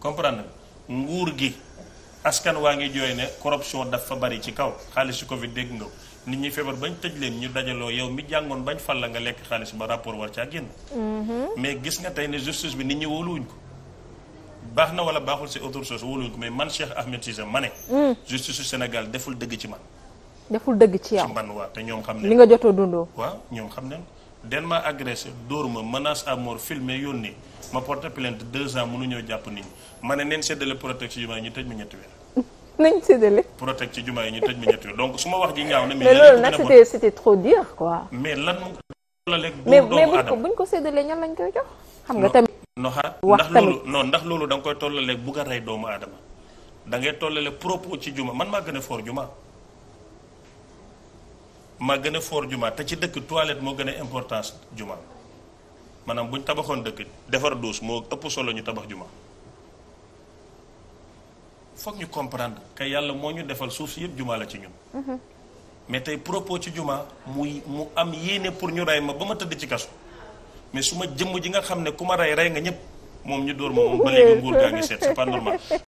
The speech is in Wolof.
comprendre nguur gi askan waa ngi jooy ne corruption dafa bari ci kaw xaalis si Covid dégg nga nit ñi feebar bañ tëj leen ñu dajaloo yow mi jàngoon bañ fal la nga lekk xaalis ba rapport war caa génn. Mhm. mais gis nga tey ne justice bi nit ñi wóoluwuñ ko. baax na wala baaxul si autre chose wóoluwuñ ko mais man Cheikh Ahmed Cissé ma ne. Mm. justice su Sénégal deful dëgg ci man. deful dëgg ci yow ci man waa te ñoom xam ne. li nga jotoo dundoo. waaw ñoom xam ne. den ma agressé dóor ma menace à filme filmé yónni ma porte plainte deux ans mënuñoo jàpp nit ñi ma ne neen séddale protect ci jumaa yi ñu tëj ma ñetti weer. nañ séddale. protect ci juma yi ñu tëj ma ñetti weer donc su ma wax ji ñaaw na. mais loolu nag c'était c'était trop dur quoi. mais lan la lekk. doomu mais mais buñ ko séddalee ñan lañ koy jox. xam nga tamit no xaar ndax loolu noon ndax loolu da nga koy tollaleeg bugg a rey doomu aadama da ngay tollale propos ci juma man maa gën a juma. maa gën a foor jumaa te ci dëkk toilet moo gën a importance jumaa maanaam bu ñu tabaxoon dëkk defar douche moo ëpp solo ñu tabax jumaa foog ñu comprendre que yàlla moo ñu defal suuf si yëpp jumaa la ci ñun. Mm-hmm. mais tey propos ci jumaa muy mu am yéene pour ñu rey ma ba ma tëdd ci kaso mais su ma jëmm ji nga xam ne ku ma rey rey nga ñëpp moom ñu dóor ma moom ba léegi nguur gaa ngi seet c'est pas